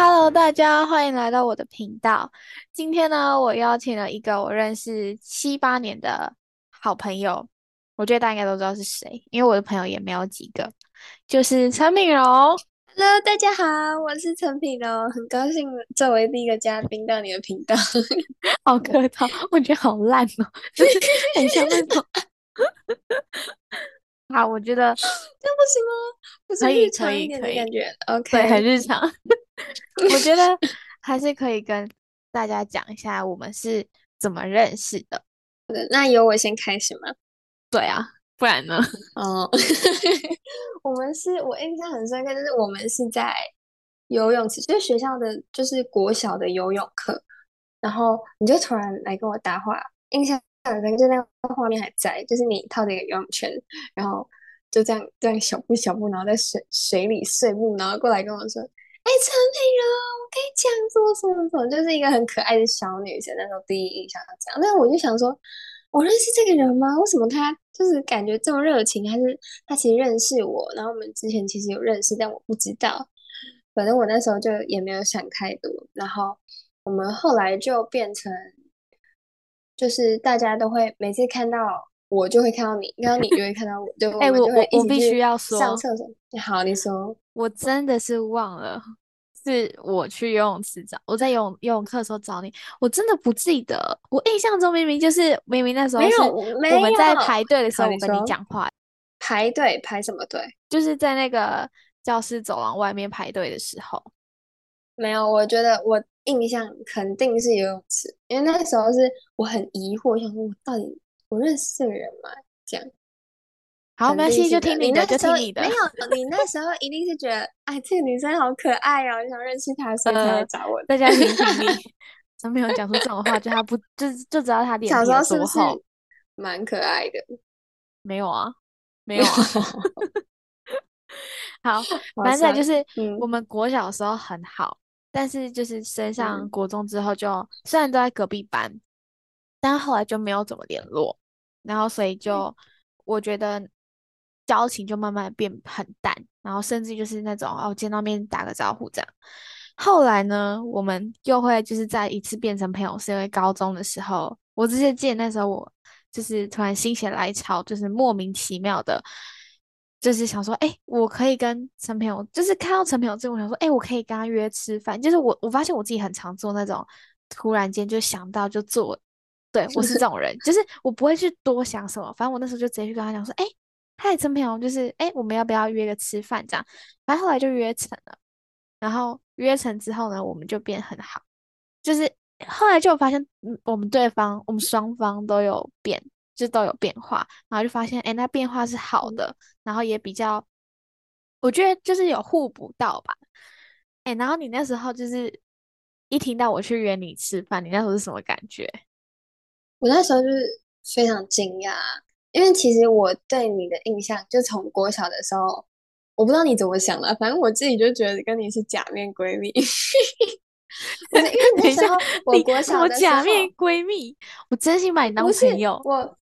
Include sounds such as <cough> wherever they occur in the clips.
Hello，大家，歡迎來到我的頻道。今天呢，我邀請了一個我認識七八年的好朋友，我覺得大家應該都知道是誰，因為我的朋友也沒有幾個，就是陳品榮。Hello，大家好，我是陳品榮，很高興作為第一個嘉賓到你的頻道。 <laughs> 好客套，我覺得好爛哦， <laughs> <laughs> 就是很像那種。 <laughs> 好，我覺得這樣 <coughs> 不行嗎、啊？可以，可以，可以，感覺 OK，很日常。 <laughs> <laughs> 我覺得還是可以跟大家講一下我們是怎麼認識的。 <laughs> 那由我先開始嗎？對啊，不然呢？哦 <laughs> <laughs> <laughs> 我們是我印象很深刻，就是我們是在游泳池，就是學校的，就是國小的游泳課。然後你就突然來跟我搭話，印象很深，就那個畫面還在，就是你套着一個游泳圈，然後就這樣這樣小步小步，然後在水水裡碎步，然後過來跟我說。哎，陳美容，我可以講說什麼什麼，就是一個很可愛的小女生。那時候第一印象這樣，那我就想說，我認識這個人嗎？為什麼他就是感覺這麼熱情？還是他其實認識我？然後我們之前其實有認識，但我不知道。反正我那時候就也沒有想太多。然後我們後來就變成，就是大家都會每次看到我就會看到你，然後你就會看到我就。 <laughs> 就哎、欸，我我我必須要說，上廁所。好，你說。我真的是忘了，是我去游泳池找我在游泳游泳課的時候找你，我真的不記得。我印象中明明就是明明那時候是我們在排隊的時候，我跟你講話你，就是排，排隊，排什麼隊？就是在那個教室走廊外面排隊的時候。沒有。我覺得我印象肯定是游泳池，因為那時候是我很疑惑，想說我到底我認識這個人嗎？這樣。好，沒關係，就聽你的你，就聽你的。沒有，你那時候一定是覺得，哎，這個女生好可愛哦，就想認識她，所以才來找我、呃、大家聽聽沒？他 <laughs> 沒有講出這種話，就他不就就知道他臉皮有多厚，蠻可愛的。沒有啊，沒有啊。 <laughs> 好，好，反正就是我們國小的時候很好，嗯、但是就是升上國中之後就，就、嗯、雖然都在隔壁班，但後來就沒有怎麼聯絡，然後所以就我覺得。交情就慢慢變很淡，然後甚至就是那種哦，啊、見到面打個招呼這樣。後來呢，我們又會就是再一次變成朋友，是因為高中的時候，我直接記得那時候我就是突然心血來潮，就是莫名其妙的，就是想說，哎、欸，我可以跟陳朋友。就是看到陳朋友之後，我想說，哎、欸，我可以跟他約吃飯。就是我我發現我自己很常做那種突然間就想到就做，對，我是這種人， <laughs> 就是我不會去多想什麼，反正我那時候就直接去跟他講說，哎、欸。嗨，陳平，就是哎、欸，我們要不要約個吃飯這樣？反正後來就約成了，然後約成之後呢，我們就變很好，就是後來就發現，嗯，我們對方，我們雙方都有變，就是，都有變化，然後就發現，哎、欸，那變化是好的，然後也比較，我覺得就是有互補到吧，哎、欸，然後你那時候就是一聽到我去約你吃飯，你那時候是什麼感覺？我那時候就是非常驚訝。因為其實我對你的印象，就從國小的時候，我不知道你怎麼想的，反正我自己就覺得跟你是假面閨蜜。 <laughs> <laughs> 因為你說我國小的假面閨蜜，我真心把你當朋友。我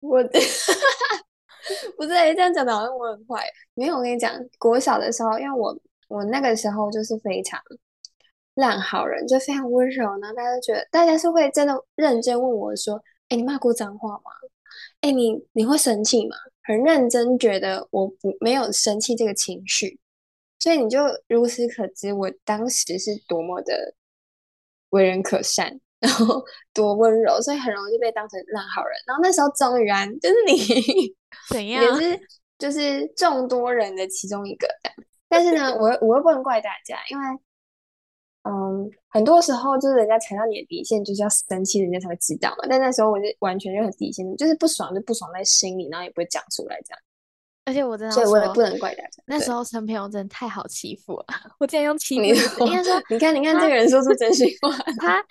我哈哈，不是， <laughs> 不是、欸、這樣講的，好像我很壞。沒有，我跟你講，國小的時候，因為我我那個時候就是非常爛好人，就非常溫柔，然後大家都覺得大家是會真的認真問我說：“哎、欸，你罵過髒話嗎？”哎、欸，你你會生氣嗎？很認真，覺得我不我沒有生氣這個情緒，所以你就如此可知，我當時是多麼的為人可善，然後多溫柔，所以很容易就被當成爛好人。然後那時候終於安就是你，怎樣也是就是眾多人的其中一個，但是呢，我我又不能怪大家，因為。嗯、um，很多時候就是人家踩到你的底線，就是要生氣，人家才會知道嘛。但那時候我就完全就很底線，就是不爽就不爽在心裡，然後也不會講出來這樣。而且我真的，所以我也不能怪大家。那時候陳平勇真的太好欺負了，我竟然用欺負你。看說，你看，你看，這個人說出真心話，他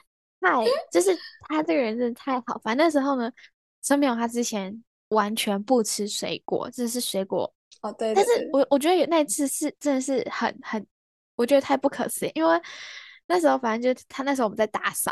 太 <laughs> 就是他這個人真的太好。反正那時候呢，陳平勇他之前完全不吃水果，真的是水果哦。對，對，對。但是我我覺得有那一次是真的是很很，我覺得太不可思議，因為。那時候反正就他那時候我們在打掃，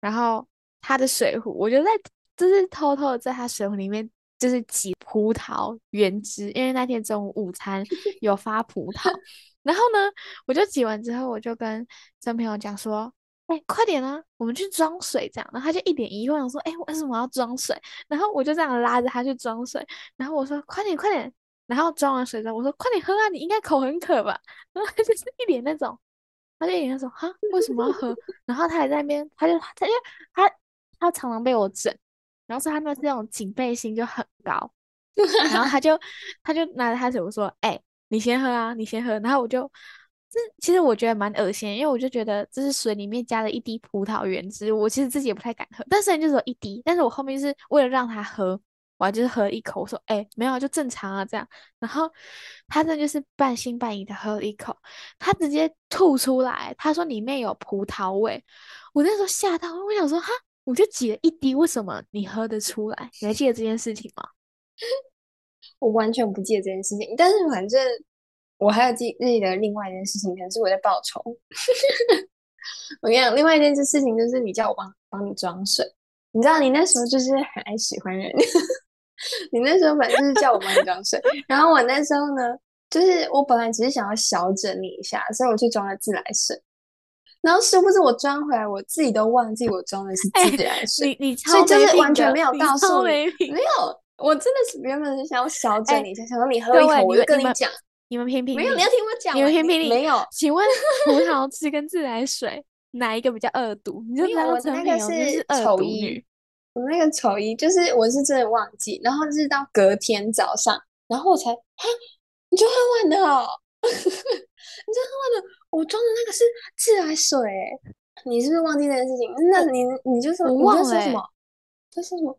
然後他的水壺，我就在就是偷偷的在他水壺裡面就是擠葡萄原汁，因為那天中午午餐有發葡萄。 <laughs> 然後呢，我就擠完之後，我就跟小朋友講說：“哎、 <laughs> 欸，快點啊，我們去裝水這樣。”然後他就一臉疑問，我說：“哎、欸，為什麼要裝水？”然後我就這樣拉着他去裝水，然後我說：“快點，快點！”然後裝完水之後，我說：“快點喝啊，你應該口很渴吧？”然後他就是一臉那種。他就應該說哈，為什麼要喝？然後他還在那邊，他就他就他他常常被我整，然後說他們這種警備心就很高，然後他就他就拿着他水我說，哎、欸，你先喝啊，你先喝。然後我就這其實我覺得蠻噁心，因為我就覺得這是水裡面加了一滴葡萄原汁，我其實自己也不太敢喝，但是人就說一滴，但是我後面是為了讓他喝。我就是喝一口，我說：“哎、欸，沒有，就正常啊。”這樣，然後他真的就是半信半疑的喝了一口，他直接吐出來。他說裡面有葡萄味。我那時候嚇到，我想說：“哈，我就擠了一滴，為什麼你喝得出來？你還記得這件事情嗎？”我完全不記得這件事情，但是反正我還有記記得另外一件事情，可能是我在報仇。 <laughs> 我跟你講另外一件事情，就是你叫我幫幫你裝水，你知道你那時候就是很愛喜歡人。 <laughs> <laughs> 你那時候反正叫我幫你裝水， <laughs> 然後我那時候呢，就是我本來只是想要小整你一下，所以我去裝了自來水。然後是不是我裝回來，我自己都忘記我裝的是自來水？欸、你你超沒品，所以真的完全沒有告訴你，沒有，我真的是原本是想要小整你一下，欸、想到你喝了一口我就跟你講，你們偏偏沒有，你要聽我講，你們偏偏沒有。你請問葡萄汁跟自來水哪一個比較惡毒？你叫我的那個是醜、就是、惡毒女。我那個醜衣就是，我是真的忘記，然後是到隔天早上，然後我才，你就喝完的哦？你就喝完的，我裝的那個是自來水，你是不是忘記這件事情？那你你就說，是嗯，你忘了是什麼？他說什麼，就是說？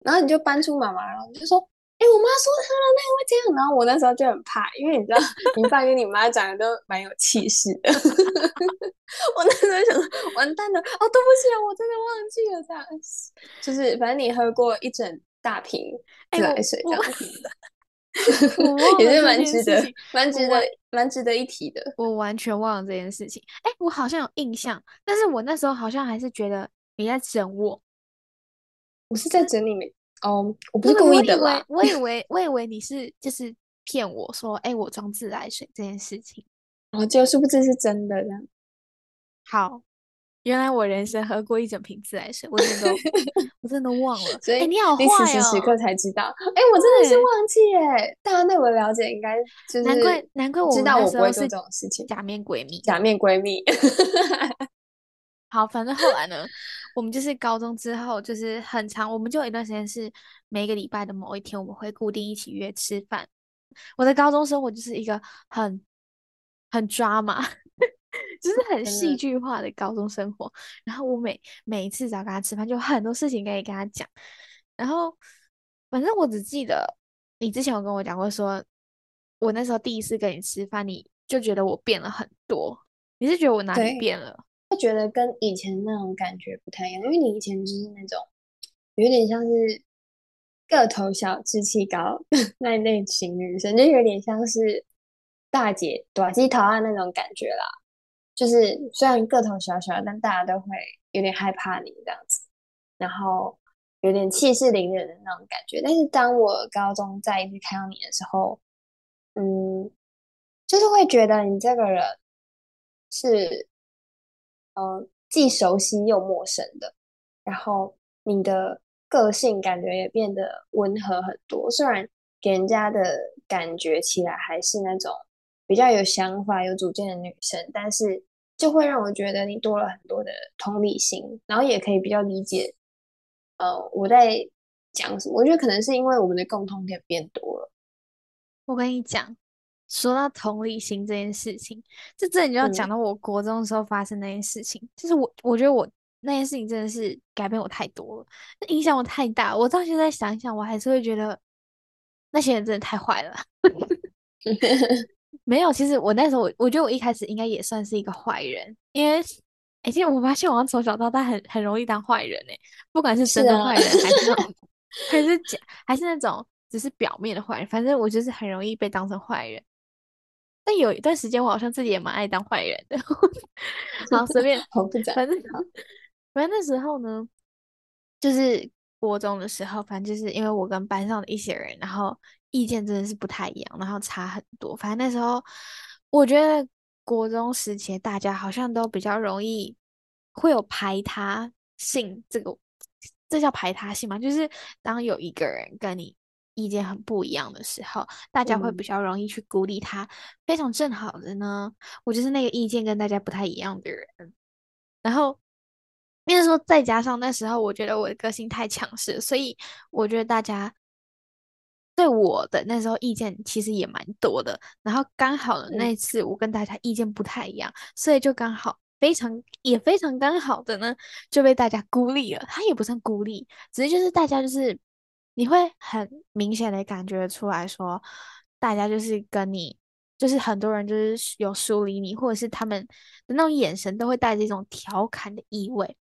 然後你就搬出媽媽然後你就說。哎、欸，我媽說喝了那會這樣，然後我那時候就很怕，因為你知道你爸跟你媽長得都蠻有氣勢的。 <laughs> <laughs> 我那時候想說完蛋了哦，對不起啊，我真的忘記了。這樣子就是反正你喝過一整大瓶自來水這樣子的，欸，也是蠻值得，蠻值得，蠻值得一提的。我完全忘了這件事情。哎、欸，我好像有印象，但是我那時候好像還是覺得你在整我。我是在整你嗎？這哦、oh,，我不是故意的，我以為，我以為，以為你是就是騙我說，哎、 <laughs> 欸，我裝自來水這件事情。我、哦、就結殊不知是真的，這樣。好，原來我人生喝過一整瓶自來水，我真的， <laughs> 我真的忘了。所以、欸、你好壞哦。你此時此刻才知道，哎、欸，我真的是忘記耶，大家對我的了解，應該就是難怪，難怪我知道我不會做這種事情。怪假面閨蜜，假面閨蜜。 <laughs> 好，反正後來呢？ <laughs> 我們就是高中之後，就是很常，我們就有一段時間是每個禮拜的某一天，我們會固定一起約吃飯。我的高中生活就是一個很很抓馬，就是很戲劇化的高中生活。然後我每每一次只要跟他吃飯，就很多事情可以跟他講。然後反正我只記得你之前有跟我講過說，說我那時候第一次跟你吃飯，你就覺得我變了很多。你是覺得我哪裡變了？會覺得跟以前那種感覺不太一樣，因為你以前就是那種有點像是個頭小、志氣高呵呵那類型女生，就有點像是大姐短期逃案那種感覺啦。就是雖然個頭小小，但大家都會有點害怕你這樣子，然後有點氣勢凌人的那種感覺。但是當我高中再一次看到你的時候，嗯，就是會覺得你這個人是。呃，既熟悉又陌生的，然後你的個性感覺也變得溫和很多。雖然給人家的感覺起來還是那種比較有想法、有主見的女生，但是就會讓我覺得你多了很多的同理心，然後也可以比較理解，呃，我在講什麼。我覺得可能是因為我們的共同點變多了。我跟你講。說到同理心這件事情，這真的就要講到我國中的時候發生那件事情，嗯。就是我，我覺得我那件事情真的是改變我太多了，影響我太大。我到現在想一想，我還是會覺得那些人真的太壞了。 <laughs> <laughs> 沒有，其實我那時候，我我覺得我一開始應該也算是一個壞人，因為哎，因，欸、我發現我從小到大很很容易當壞人哎，欸，不管是真的壞人是，啊、還是 <laughs> 還是假還是那種只是表面的壞人，反正我就是很容易被當成壞人。有一段時間，我好像自己也蠻愛當壞人的，然 <laughs> 後隨便， <laughs> 反正反正，好反正那時候呢，就是國中的時候，反正就是因為我跟班上的一些人，然後意見真的是不太一樣，然後差很多。反正那時候我覺得，國中時期大家好像都比較容易會有排他性，這個這叫排他性嘛，就是當有一個人跟你意見很不一樣的時候，大家會比較容易去孤立他。嗯。非常正好的呢，我就是那個意見跟大家不太一樣的人。然後，因為說再加上那時候，我覺得我的個性太強勢，所以我覺得大家對我的那時候意見其實也蠻多的。然後剛好的那一次我跟大家意見不太一樣，嗯。所以就剛好非常也非常剛好的呢，就被大家孤立了。他也不算孤立，只是就是大家就是。你會很明顯的感覺出來說，大家就是跟你，就是很多人就是有疏離你，或者是他們的那種眼神都會帶着一種調侃的意味。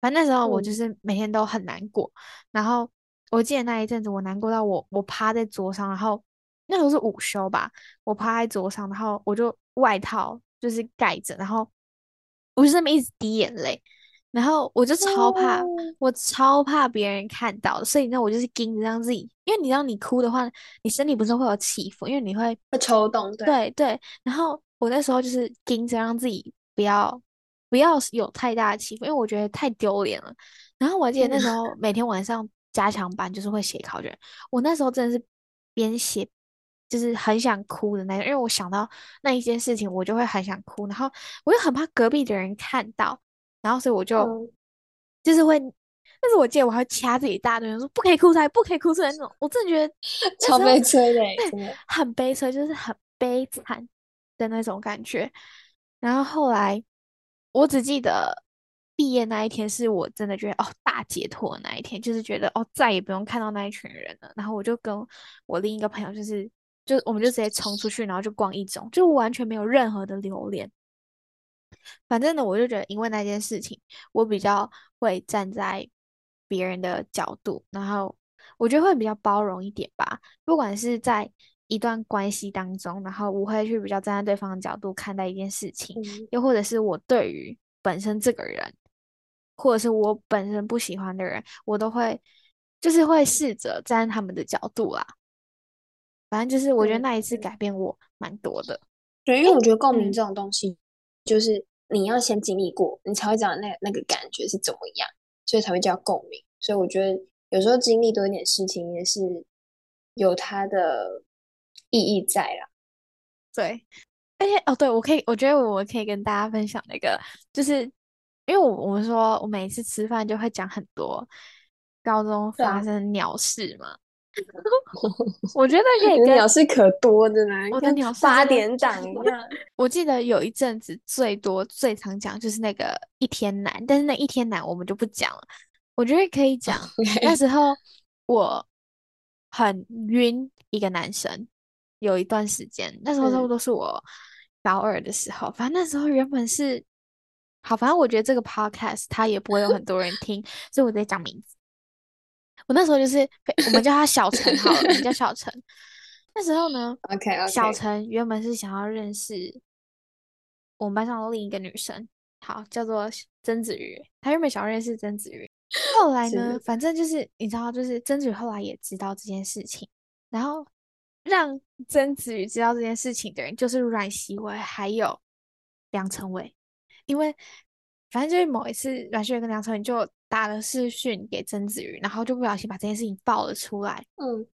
反正那時候我就是每天都很難過，嗯、然後我記得那一陣子我難過到我我趴在桌上，然後那時候是午休吧，我趴在桌上，然後我就外套就是蓋着，然後我就這麼一直滴眼淚。然後我就超怕，oh. 我超怕別人看到，所以呢，我就是盯着讓自己，因為你知道你哭的話，你身體不是會有起伏，因為你會會抽動。對對，對。然後我那時候就是盯着讓自己不要不要有太大的起伏，因為我覺得太丟臉了。然後我記得那時候、oh. 每天晚上加強班就是會寫考卷，我那時候真的是邊寫就是很想哭的那種，因為我想到那一件事情，我就會很想哭，然後我又很怕隔壁的人看到。然後，所以我就就是會，但、嗯就是就是我記得我還會掐自己大腿，就是、說不可以哭出來，不可以哭出來那種。我真的覺得超悲催的，很悲催，就是很悲慘的那種感覺、嗯。然後後來，我只記得畢業那一天是我真的覺得哦大解脫的那一天，就是覺得哦再也不用看到那一群人了。然後我就跟我另一個朋友，就是就我們就直接衝出去，然後就逛一中，就完全沒有任何的留戀。反正呢，我就覺得，因為那件事情，我比較會站在別人的角度，然後我覺得會比較包容一點吧。不管是在一段關係當中，然後我會去比較站在對方的角度看待一件事情，嗯、又或者是我對於本身這個人，或者是我本身不喜歡的人，我都會就是會試着站在他們的角度啦。反正就是，我覺得那一次改變我蠻多的、嗯。對，因為我覺得共鳴這種東西。嗯就是你要先經歷過，你才會講那那個感覺是怎麼樣，所以才會叫共鳴。所以我覺得有時候經歷多一點事情也是有它的意義在啦。對，而且哦，對，我可以，我覺得我可以跟大家分享那個，就是因為我我們說我每次吃飯就會講很多高中發生鳥事嘛。 <laughs> 我覺得可以。鳥是可多的呢、啊，跟鳥八點檔一樣。 <laughs> 我記得有一陣子最多最常講就是那個一天男，但是那一天男我們就不講了。我覺得可以講，okay. 那時候我很暈一個男生，有一段時間，那時候差不多都是我高二的時候。反正那時候原本是好，反正我覺得這個 podcast 它也不會有很多人聽， <laughs> 所以我在講名字。我那時候就是，我們叫他小陳好， <laughs> 你叫小陳。那時候呢，okay，OK，小陳原本是想要認識我們班上的另一個女生，好，叫做曾子瑜。他原本想要認識曾子瑜，後來呢，反正就是你知道，就是曾子瑜後來也知道這件事情，然後讓曾子瑜知道這件事情的人就是阮席偉還有梁成偉，因為。反正就是某一次，阮秀妍跟梁朝偉就打了視訊給曾子瑜，然後就不小心把這件事情爆了出來。嗯，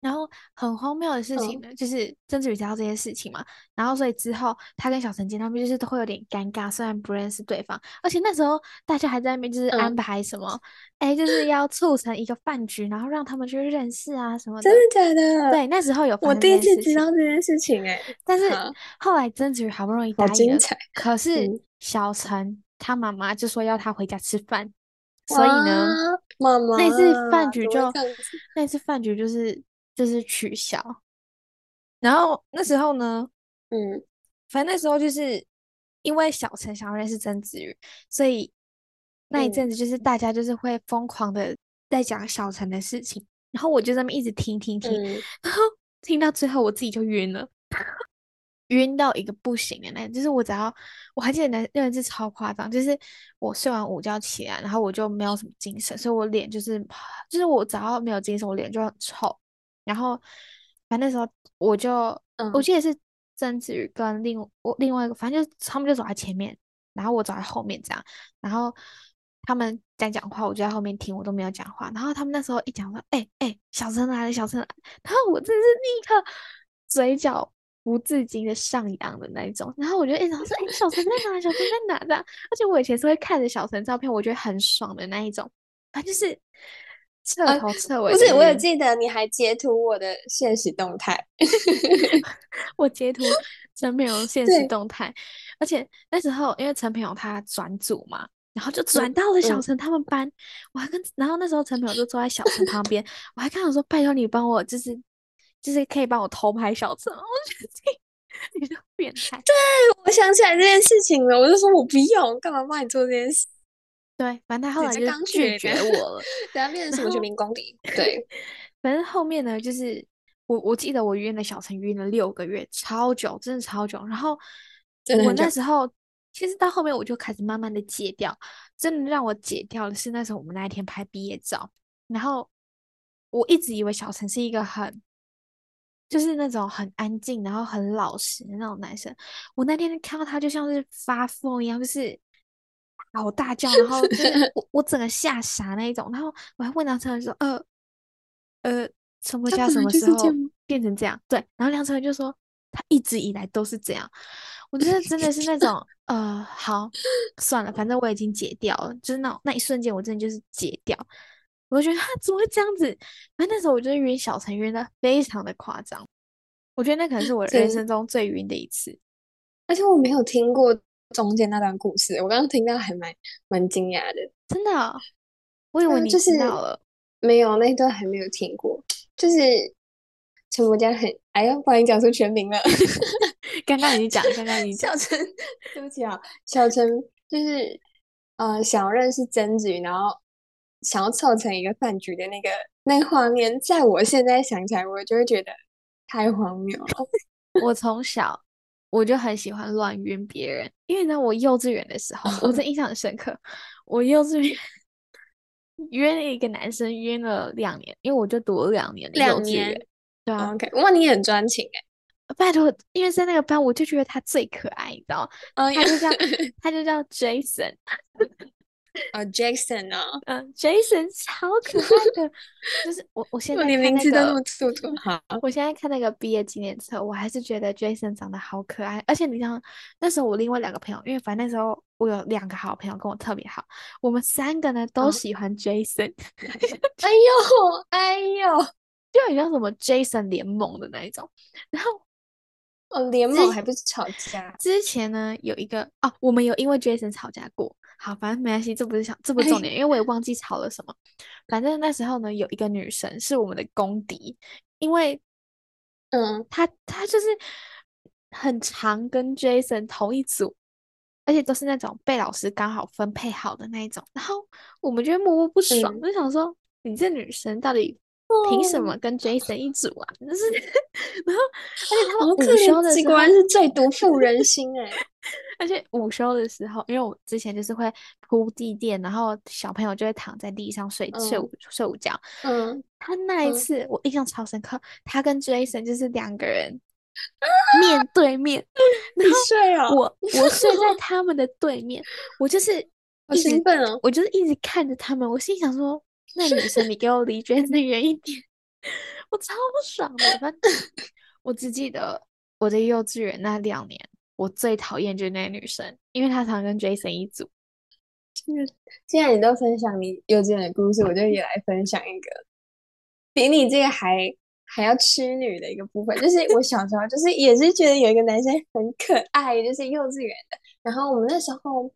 然後很荒謬的事情呢，嗯、就是曾子瑜知道這件事情嘛，然後所以之後他跟小陳見到面就是都會有點尷尬，雖然不認識對方，而且那時候大家還在那邊就是安排什麼，哎、嗯，就是要促成一個飯局、嗯，然後讓他們去認識啊什麼的。真的假的？對，那時候有我第一次知道這件事情哎、欸，但是後來曾子瑜好不容易答應了好，好精彩，可是小陳。嗯他媽媽就說要他回家吃飯，啊、所以呢媽媽，那次飯局就那次飯局就是就是取消。然後那時候呢，嗯，反正那時候就是因為小陳想要認識曾子瑜，所以、嗯、那一陣子就是大家就是會瘋狂的在講小陳的事情，然後我就這麼一直聽聽聽、嗯，然後聽到最後我自己就暈了。暈到一個不行的，那就是我只要我還記得那那一次超誇張，就是我睡完午覺起來，然後我就沒有什麼精神，所以我臉就是就是我只要沒有精神，我臉就很臭。然後反正那時候我就、嗯、我記得是曾志宇跟另我另外一個，反正就他們就走在前面，然後我走在後面這樣。然後他們在講話，我就在後面聽，我都沒有講話。然後他們那時候一講話，哎、欸、哎、欸，小陳來了，小陳來了。然後我真是立刻嘴角無自禁的上揚的那一種，然後我覺得哎，然後、欸、說，哎、欸，小陳在哪？小陳在哪的？而且我以前是會看着小陳照片，我覺得很爽的那一種，啊，就是徹頭徹尾、啊。不是，我有記得你還截圖我的現實動態， <laughs> <laughs> 我截圖陳美蓉現實動態。而且那時候因為陳美蓉他轉組嘛，然後就轉到了小陳他們班、嗯，我還跟，然後那時候陳美蓉就坐在小陳旁邊， <laughs> 我還看到說，拜託你幫我就是，就是可以幫我偷拍小陳，我覺得你就變態。對，我想起來這件事情了，我就說我不要，我干嘛幫你做這件事？對，反正他後來就拒絕，了在拒絕我了。等下變成全民公敵。對，反正後面呢，就是我我記得我約了，小陳約了六個月，超久，真的超久。然後我那時候其實到後面我就開始慢慢的戒掉，真的讓我戒掉的是那時候我們那一天拍畢業照，然後我一直以為小陳是一個很。就是那種很安靜，然後很老實的那種男生。我那天看到他，就像是發瘋一樣，就是大吼大叫，然後我我整個嚇傻那一種。然後我還問梁晨說：“呃呃，什麼叫什麼時候變成這樣？”這樣對，然後梁晨就說：“他一直以來都是這樣。”我覺得真的是那種 <laughs> 呃，好，算了，反正我已經解掉了，就是那那一瞬間，我真的就是解掉。我覺得他怎麼會這樣子？哎，那時候我覺得暈，小陳暈的非常的誇張。我覺得那可能是我的人生中最暈的一次。而且我沒有聽過中間那段故事，我剛剛聽到還蠻蠻驚訝的。真的、哦？我以為你、呃、就是到了，沒有那段還沒有聽過。就是陳博家很哎呀，不好意思講出全名了，剛剛 <laughs> 已經 <laughs> 你講，剛剛。你講，小陳， <laughs> 對不起啊、哦，小陳就是呃，想要認識曾子瑜，然後。想要湊成一個飯局的那個那個畫面，在我現在想起來，我就會覺得太荒謬了。 <laughs> 我從小我就很喜歡亂約別人，因為呢，我幼稚園的時候，我這印象很深刻。 <laughs> 我幼稚園約了一個男生，約了兩年，因為我就讀了兩年。兩年。對啊，Okay. 哇，你很專情哎，欸！拜托，因為在那個班，我就覺得他最可愛，你知道嗎？他就叫， <laughs> 他就叫，他就叫 Jason。 <laughs> 啊、oh,，Jason 呢、哦？嗯、uh,，Jason 超可愛的。 <laughs> 就是我我現在看那個，你名字都那麼土土哈。我現在看那個畢業紀念冊，我還是覺得 Jason 長得好可愛，而且你知道那時候我另外兩個朋友，因為反正那時候我有兩個好朋友跟我特別好，我們三個呢都喜歡 Jason。嗯、 <laughs> 哎呦哎呦，就很像什麼 Jason 聯盟的那一種，然後哦、聯盟，還不是吵架，之前呢有一個哦，我們有因為 Jason 吵架過。好，反正沒關係，這不是想，這不重點，欸，因為我也忘記吵了什麼。反正那時候呢，有一個女生是我們的公敵，因為，嗯，她她就是很常跟 Jason 同一組，而且都是那種被老師剛好分配好的那一種。然後我們就會默默不爽，嗯，就想說：“你這女生到底？”憑什麼跟 Jason 一組啊？就是，然後而且他午休的時候是最毒婦人心哎、欸！ <laughs> 而且午休的時候，因為我之前就是會鋪地墊，然後小朋友就會躺在地上睡睡午、嗯、睡午覺嗯。嗯，他那一次、嗯、我印象超深刻，他跟 Jason 就是兩個人面對面，啊、你睡啊、哦、我我睡在他們的對面， <laughs> 我就是好興奮哦，我就是一直看着他們，我心想說。那女生，你給我離 Jason 遠一點， <laughs> 我超不爽的。反正我只記得我的幼稚園那兩年，我最討厭就是那女生，因為她常跟 Jason 一組。就是，既然你都分享你幼稚園的故事，我就也來分享一個比你這個還還要痴女的一個部分。就是我小時候，就是也是覺得有一個男生很可愛，就是幼稚園的。然後我們那時候，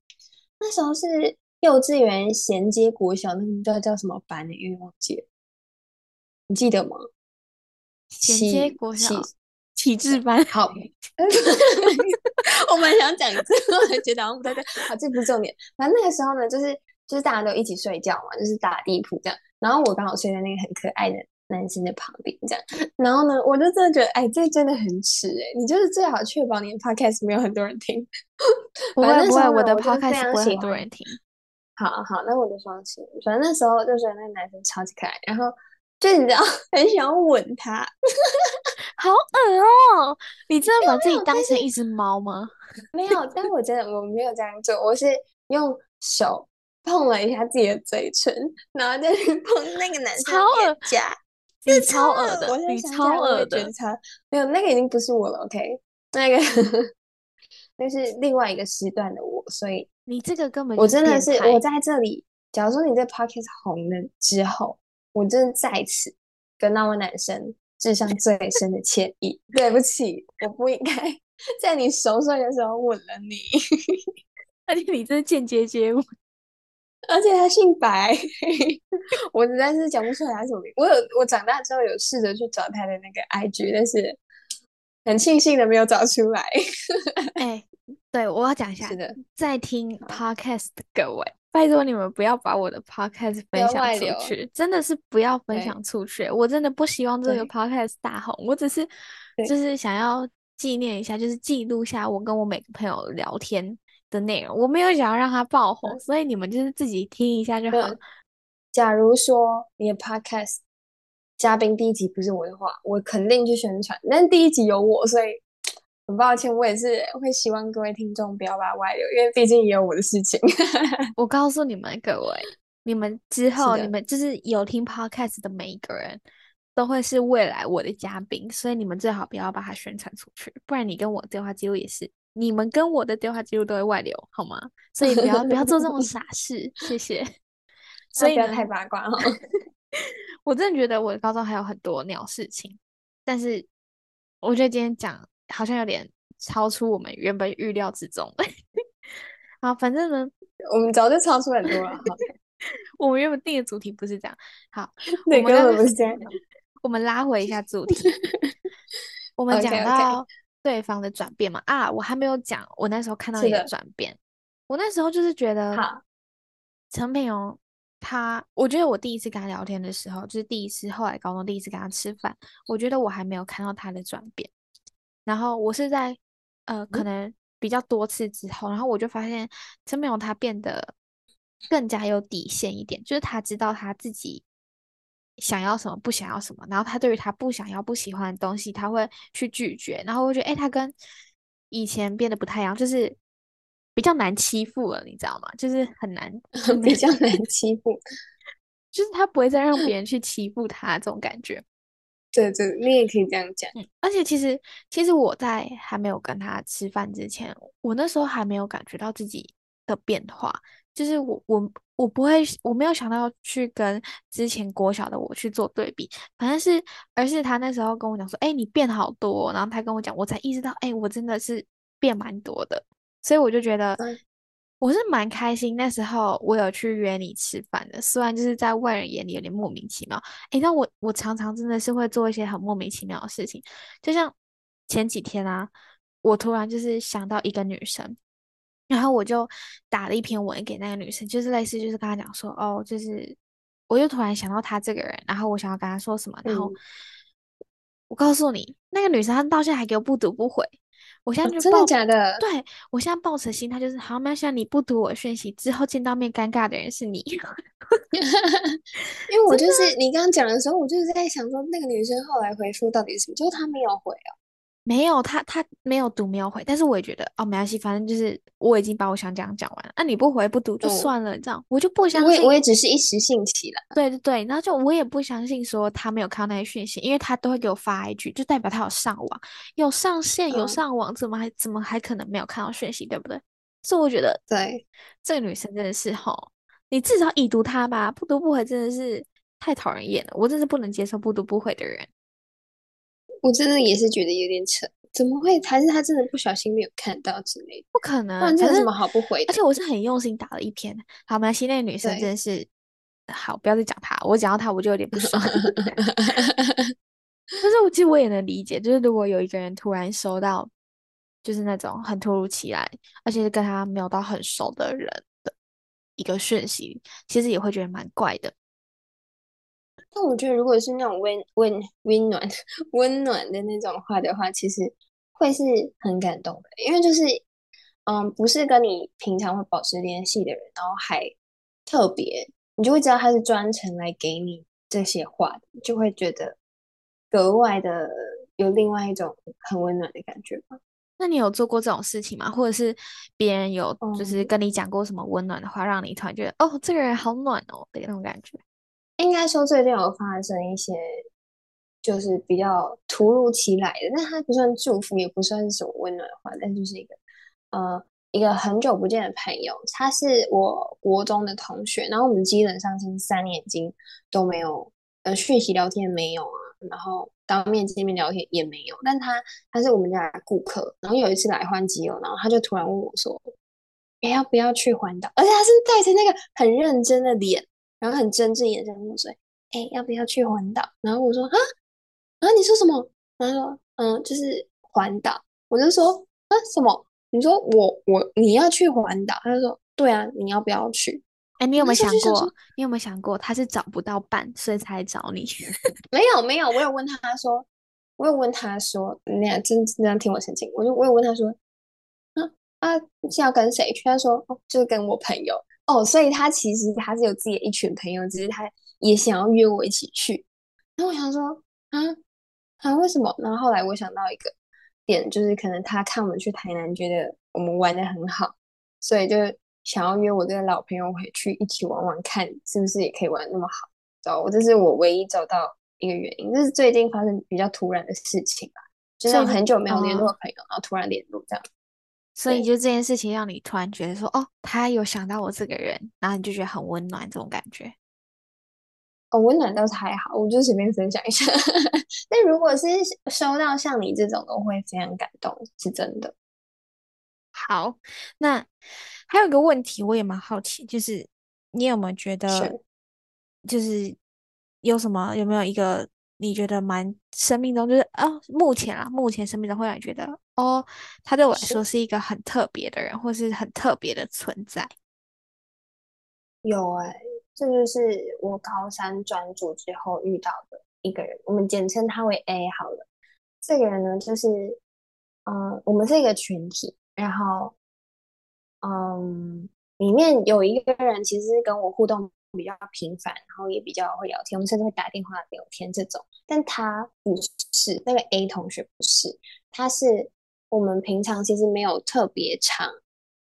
那時候是。幼稚園銜接國小那個叫叫什麼班呢？有點忘記，你記得嗎？銜接國小啟啟智班。好，欸、 <laughs> <laughs> 我蠻想講一次， <laughs> <laughs> 我覺得我不太對。好，這不是重點。反 <laughs> 正那個時候呢，就是就是大家都一起睡覺嘛，就是打地鋪這樣。然後我剛好睡在那個很可愛的男生的旁邊這樣。然後呢，我就真的覺得，哎、欸，這真的很恥哎、欸！你就是最好確保你的 podcast 沒有很多人聽。 <laughs> 不會， <laughs> 不會，不會我的 podcast 我不會很多人聽。好好，那我就放心。反正那時候就覺得那個男生超級可愛，然後就你知道，很想吻他， <laughs> 好噁哦，喔！你真的把自己當成一隻貓嗎？沒有，但，有，但我覺得我沒有這樣做，我是用手碰了一下自己的嘴唇，然後再去碰那個男生的臉頰，是超噁的，的，我，想我超惡的。他沒有那個已經不是我了，OK，那個那 <laughs> 是另外一個時段的我，所以。你這個根本就，我真的是，我在這裡。假如說你這 podcast 紅了之後，我真再次跟那位男生致上最深的歉意。 <laughs> 對不起，我不應該在你熟睡的時候吻了你。 <laughs> 而且你這是間接接吻， <laughs> 而且他姓白， <laughs> 我實在是講不出來他什麼。我有，我長大之後有試着去找他的那個 IG，但是很慶幸的沒有找出來。 <laughs> 欸對，我要講一下，在聽 podcast 的各位，拜託你們不要把我的 podcast 分享出去，真的是不要分享出去。我真的不希望這個 podcast 大紅，我只是就是想要紀念一下，就是記錄一下我跟我每個朋友聊天的內容。我沒有想要讓他爆紅，嗯，所以你們就是自己聽一下就好。假如說你的 podcast 嘉賓第一集不是我的話，我肯定去宣傳。但第一集有我，所以。很抱歉，我也是會希望各位聽眾不要把它外流，因為畢竟也有我的事情。 <laughs> 我告訴你們各位，你們之後你們就是有聽 Podcast 的每一個人都會是未來我的嘉賓，所以你們最好不要把它宣傳出去，不然你跟我對話記錄也是，你們跟我的對話記錄都會外流，好嗎？所以不要 <laughs> 不要做這種傻事，謝謝。所以不要太八卦哦， <laughs> 我真的覺得我高中還有很多鳥事情，但是我覺得今天講。好像有點超出我們原本預料之中。啊， <laughs> 反正呢，我們早就超出很多了。 <laughs> okay. 我們原本定的主題不是這樣。好，我們不是這樣我們拉回一下主題。 <laughs> 我們講到對方的轉變嘛，okay, okay，啊，我還沒有講。我那時候看到你的轉變的，我那時候就是覺得，陳佩瑩，他，我覺得我第一次跟他聊天的時候，就是第一次，後來高中第一次跟他吃飯，我覺得我還沒有看到他的轉變。然後我是在，呃，可能比較多次之後，嗯、然後我就發現真沒有他變得更加有底線一點，就是他知道他自己想要什麼，不想要什麼，然後他對於他不想要、不喜歡的東西，他會去拒絕，然後我就覺得，哎、欸，他跟以前變得不太一樣，就是比較難欺負了，你知道嗎？就是很難，比較難欺負， <laughs> 就是他不會再讓別人去欺負他 <laughs> 這種感覺。對對，你也可以這樣講、嗯。而且其實，其實我在還沒有跟他吃飯之前，我那時候還沒有感覺到自己的變化。就是我我我不會，我沒有想到去跟之前國小的我去做對比。反正是而是他那時候跟我講說：“哎、欸，你變好多、哦。”然後他跟我講，我才意識到：“哎、欸，我真的是變蠻多的。”所以我就覺得。嗯。我是蠻開心，那時候我有去約你吃飯的，雖然就是在外人眼裡有點莫名其妙。誒，但我我常常真的是會做一些很莫名其妙的事情，就像前幾天啊，我突然就是想到一個女生，然後我就打了一篇文給那個女生，就是類似就是跟她講說，哦，就是我又突然想到她這個人，然後我想要跟她說什麼，嗯，然後我告訴你，那個女生她到現在還給我不讀不回。我現在、嗯、真的假的？對，我現在抱持心，他就是好嗎，像你不讀我訊息，之後見到面尷尬的人是你。 <laughs> <laughs> 因為我就是你剛剛講的時候，我就是在想說那個女生後來回復到底是什麼？就是她沒有回啊。哦。沒有，他他沒有讀沒有回，但是我也覺得哦沒關係，反正就是我已經把我想講講完了，那、啊、你不回不讀就算了，這、嗯、樣我就不相信。我也我也只是一時興起了。對對對，然後就我也不相信說他沒有看到那些訊息，因為他都會給我發一句，就代表他有上網、有上線、嗯、有上網，怎麼還怎麼還可能沒有看到訊息，對不對？所以我覺得對這個女生真的是吼，你至少已讀她吧，不讀不回真的是太討人厭了，我真是不能接受不讀不回的人。我真的也是覺得有點扯，怎麼會？還是他真的不小心沒有看到之類的？不可能，他有什麼好不回的？而且我是很用心打了一篇。好，我們先女生真的是好，不要再講他，我講到他我就有點不爽。可 <laughs> <laughs> <laughs> 是，我其實我也能理解，就是如果有一個人突然收到，就是那種很突如其來，而且跟他沒有到很熟的人的一個訊息，其實也會覺得蠻怪的。那我覺得，如果是那種溫溫溫暖溫暖的那種話的話，其實會是很感動的，因為就是，嗯，不是跟你平常會保持聯繫的人，然後還特別，你就會知道他是專程來給你這些話的，就會覺得格外的有另外一種很溫暖的感覺吧。那你有做過這種事情嗎？或者是別人有就是跟你講過什麼溫暖的話，oh. 讓你突然覺得哦，這個人好暖哦的那種感覺？應該說，最近有發生一些，就是比較突如其來的，但他不算祝福，也不算是什麼溫暖的話，但就是一個，呃，一個很久不見的朋友，他是我國中的同學，然後我們基本上是三年已經都沒有，呃，訊息聊天沒有啊，然後當面見面聊天也沒有，但他他是我們家顧客，然後有一次來換機油，然後他就突然問我說，你要不要去環島？而且他是帶着那個很認真的臉。然後很真摯眼神，我說，哎，要不要去環島？然後我說啊，然後你說什麼？然後他說嗯，就是環島。我就說啊，什麼？你說我我你要去環島？他就說對啊，你要不要去？哎，你有沒有想過？啊、你有沒有想過他是找不到伴，所以才來找你？ <laughs> 沒有沒有，我有問他他說，我有問他說，你倆真這樣聽我澄清，我就我有問他說，啊啊，是要跟誰去？他說哦，就是跟我朋友。哦，所以他其實他是有自己的一群朋友，只是他也想要約我一起去。然後我想說，啊啊，為什麼？然後後來我想到一個點，就是可能他看我們去台南，覺得我們玩的很好，所以就想要約我這個老朋友回去一起玩玩，看是不是也可以玩那麼好。找我，這是我唯一找到一個原因，就是最近發生比較突然的事情吧，就像很久沒有聯絡的朋友，然後突然聯絡這樣。所以就這件事情，讓你突然覺得說，哦，他有想到我這個人，然後你就覺得很溫暖，這種感覺。哦，溫暖倒是還好，我就隨便分享一下。 <laughs> 那如果是收到像你這種的，我會非常感動，是真的。好，那還有一個問題，我也蠻好奇，就是你有沒有覺得，就是有什麼有沒有一個？你覺得蠻生命中的就是啊，目前啊，目前生命中會讓你覺得哦，他對我來說是一個很特別的人，是或是很特別的存在。有哎、欸，這就是我高三轉組之後遇到的一個人，我們簡稱他為 A 好了。這個人呢，就是嗯、呃，我們是一個群體，然後嗯、呃，裡面有一個人其實是跟我互動比較平凡，然後也比較會聊天，我們甚至會打電話聊天這種。但他不是那個 A 同學，不是，他是我們平常其實沒有特別常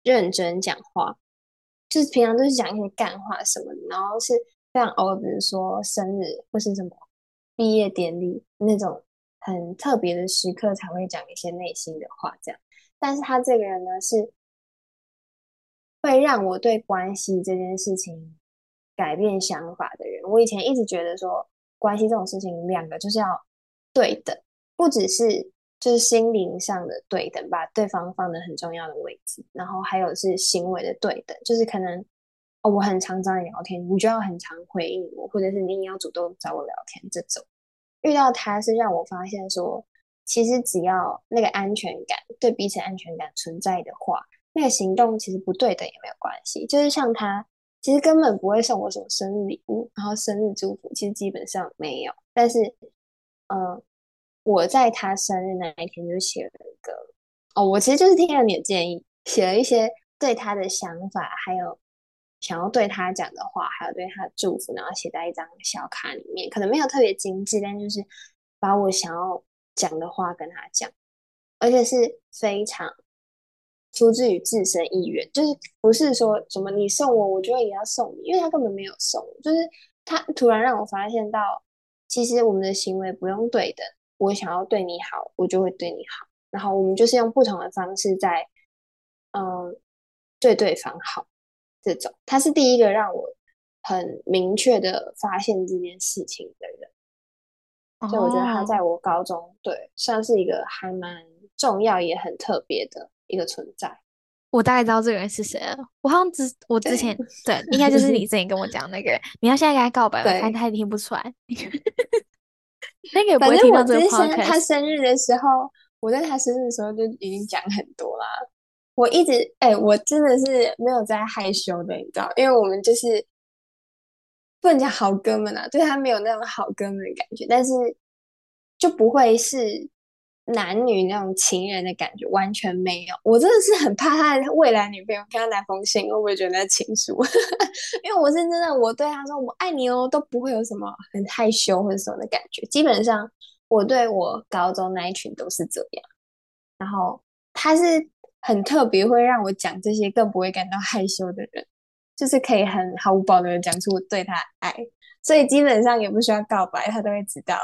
認真講話，就是平常都是講一些幹話什麼的，然後是非常偶爾，比如說生日或是什麼畢業典禮那種很特別的時刻才會講一些內心的話這樣。但是他這個人呢，是會讓我對關係這件事情改變想法的人，我以前一直覺得說關係這種事情，兩個就是要對等，不只是就是心靈上的對等，把對方放在很重要的位置，然後還有是行為的對等，就是可能、哦、我很常找你聊天，你就要很常回應我，或者是你也要主動找我聊天。這種遇到他是讓我發現說，其實只要那個安全感對彼此安全感存在的話，那個行動其實不對等也沒有關係，就是像他。其實根本不會送我什麼生日禮物，然後生日祝福其實基本上沒有。但是，嗯、呃，我在他生日那一天就寫了一個哦，我其實就是聽了你的建議，寫了一些對他的想法，還有想要對他講的話，還有對他的祝福，然後寫在一張小卡裡面。可能沒有特別精緻，但就是把我想要講的話跟他講，而且是非常。出自於自身意願，就是不是說什麼你送我，我就會也要送你，因為他根本沒有送，就是他突然讓我發現到，其實我們的行為不用對等，我想要對你好，我就會對你好，然後我們就是用不同的方式在，嗯，對對方好，這種，他是第一個讓我很明確的發現這件事情的人，Oh. 所以我覺得他在我高中，對，算是一個還蠻重要也很特別的。一個存在，我大概知道這個人是誰了。我好像之我之前對，對，應該就是你之前跟我講那個人。 <laughs> 你要現在跟他告白，我看他也聽不出來。 <laughs> 那個，個反正我之前他生日的時候，我在他生日的時候就已經講很多啦。我一直哎、欸，我真的是沒有在害羞的，你知道，因為我們就是不能講好哥們吶、啊，對他沒有那種好哥們的感覺，但是就不會是。男女那種情人的感覺完全沒有，我真的是很怕他的未來女朋友看到那封信會不會覺得是情書？ <laughs> 因為我是真的，我對他說“我愛你哦”，都不會有什麼很害羞或者什麼的感覺。基本上，我對我高中那一群都是這樣。然後他是很特別，會讓我講這些，更不會感到害羞的人，就是可以很毫無保留的講出我對他的愛，所以基本上也不需要告白，他都會知道。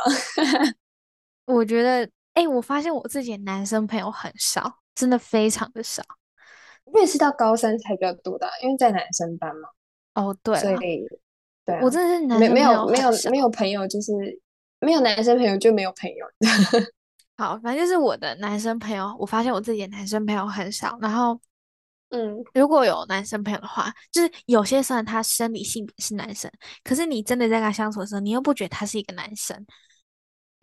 <laughs> 我覺得。哎、欸，我發現我自己的男生朋友很少，真的非常的少。我也是到高三才比較多的、啊，因為在男生班嘛。哦，對，所以，對、啊、我真的是男生沒有沒有沒有，沒有朋友，就是沒有男生朋友就沒有朋友。 <laughs> 好，反正就是我的男生朋友，我發現我自己的男生朋友很少。然後，嗯，如果有男生朋友的話，就是有些算他生理性別是男生，可是你真的在跟他相處的時候，你又不覺得他是一個男生。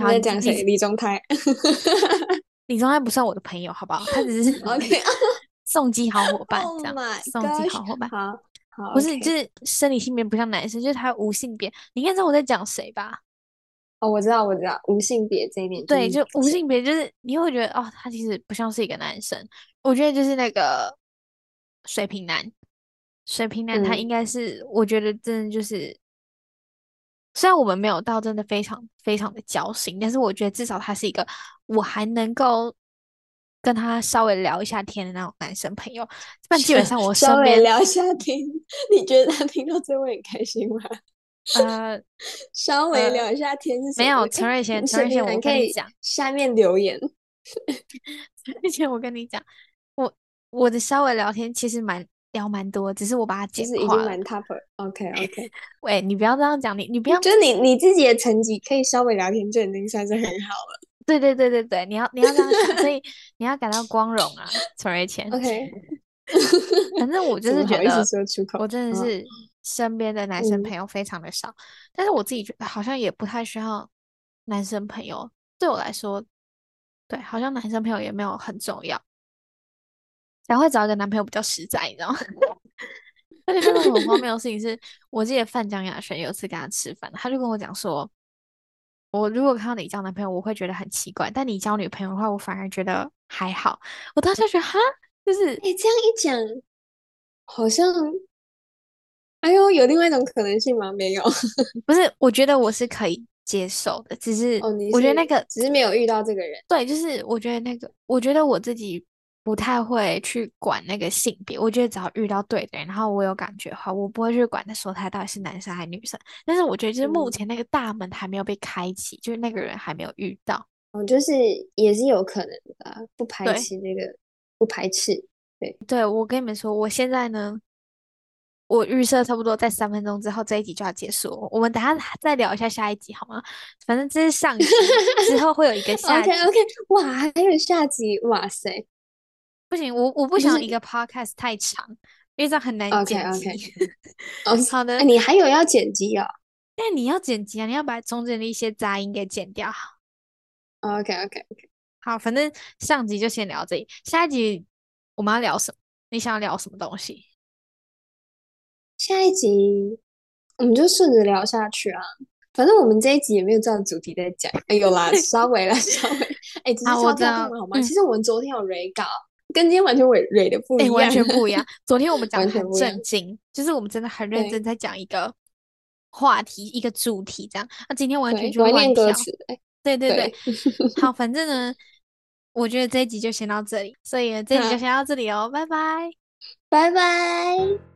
他在講誰？李宗泰。 <laughs> 李宗泰不算我的朋友，好不好？他只是 <laughs> <laughs> 送 k 好夥伴，這樣。宋基好夥伴。好，好不是、okay. 就是生理性別不像男生，就是他無性別。你應該知道我在講誰吧？哦，我知道，我知道，無性別這一點。對，就無性別，就是你會覺得哦，他其實不像是一個男生。我覺得就是那個水瓶男，水瓶男，他應該是、嗯，我覺得真的就是。雖然我們沒有到，真的非常非常的交心，但是我覺得至少他是一個我還能夠跟他稍微聊一下天的那種男生朋友。但基本上我稍微聊一下天，你覺得他聽到最後很開心嗎？呃，稍微聊一下天是、呃，沒有陳瑞賢，陳瑞賢我跟你講，下面，下面留言。陳瑞 <laughs> 賢我跟你講，我我的稍微聊天其實蠻。聊蠻多，只是我把它簡化了。其實已經蠻 top, OK OK，喂，你不要這樣講，你你不要，就是你你自己的成績可以稍微聊天就已經算是很好了。對對對對對，你要你要這樣想， <laughs> 所以你要感到光榮啊，陳瑞謙。OK，反 <laughs> 正我就是覺得，我真的是身邊的男生朋友非常的少、 <laughs> 哦，但是我自己覺得好像也不太需要男生朋友、嗯，對我來說，對，好像男生朋友也沒有很重要。然後會找一個男朋友比較實在，你知道嗎？ <laughs> 而且真的很荒謬的事情是，我記得范姜雅軒有一次跟他吃飯，他就跟我講說：“我如果看到你交男朋友，我會覺得很奇怪；但你交女朋友的話，我反而覺得還好。”我當時就覺得，哈，就是你、欸、這樣一講，好像……哎呦，有另外一種可能性嗎？沒有， <laughs> 不是，我覺得我是可以接受的，只是……哦，你我覺得那個只是沒有遇到這個人，對，就是我覺得那個，我覺得我自己。不太會去管那個性別，我覺得只要遇到對的人，然後我有感覺的話，我不會去管他說他到底是男生還是女生。但是我覺得，就是目前那個大門還沒有被開啟。嗯，就是那個人還沒有遇到。哦，就是也是有可能的，不排斥那個，不排斥。對對，我跟你們說，我現在呢，我預設差不多在三分鐘之後這一集就要結束，我們等下再聊一下下一集好嗎？反正這是上集 <laughs> 之後會有一個下集 <laughs> ，OK OK，哇，還有下集，哇塞！不行，我我不想一個 podcast 太長，就是、因為這樣很難剪輯。Okay, okay. <laughs> 好的、啊，你還有要剪輯啊、哦？那你要剪輯啊，你要把中間的一些雜音給剪掉。Oh, OK OK OK，好，反正上集就先聊這裡，下一集我們要聊什麼？你想要聊什麼東西？下一集我們就順着聊下去啊，反正我們這一集也沒有這樣主題在講，哎有啦， <laughs> 稍微啦，稍微，哎、欸，知道幹嘛好嗎、啊嗯？其實我們昨天有 re 稿。跟今天完全味味的不一樣，欸完全不一樣， <laughs> 完全不一樣。昨天我們講得很正經，就是我們真的很認真在講一個話題、一個主題這樣。那、啊、今天完全就玩笑，對對對，對，好，反正呢， <laughs> 我覺得這一集就先到這裡，所以這一集就先到這裡哦， <laughs> 拜拜，拜拜。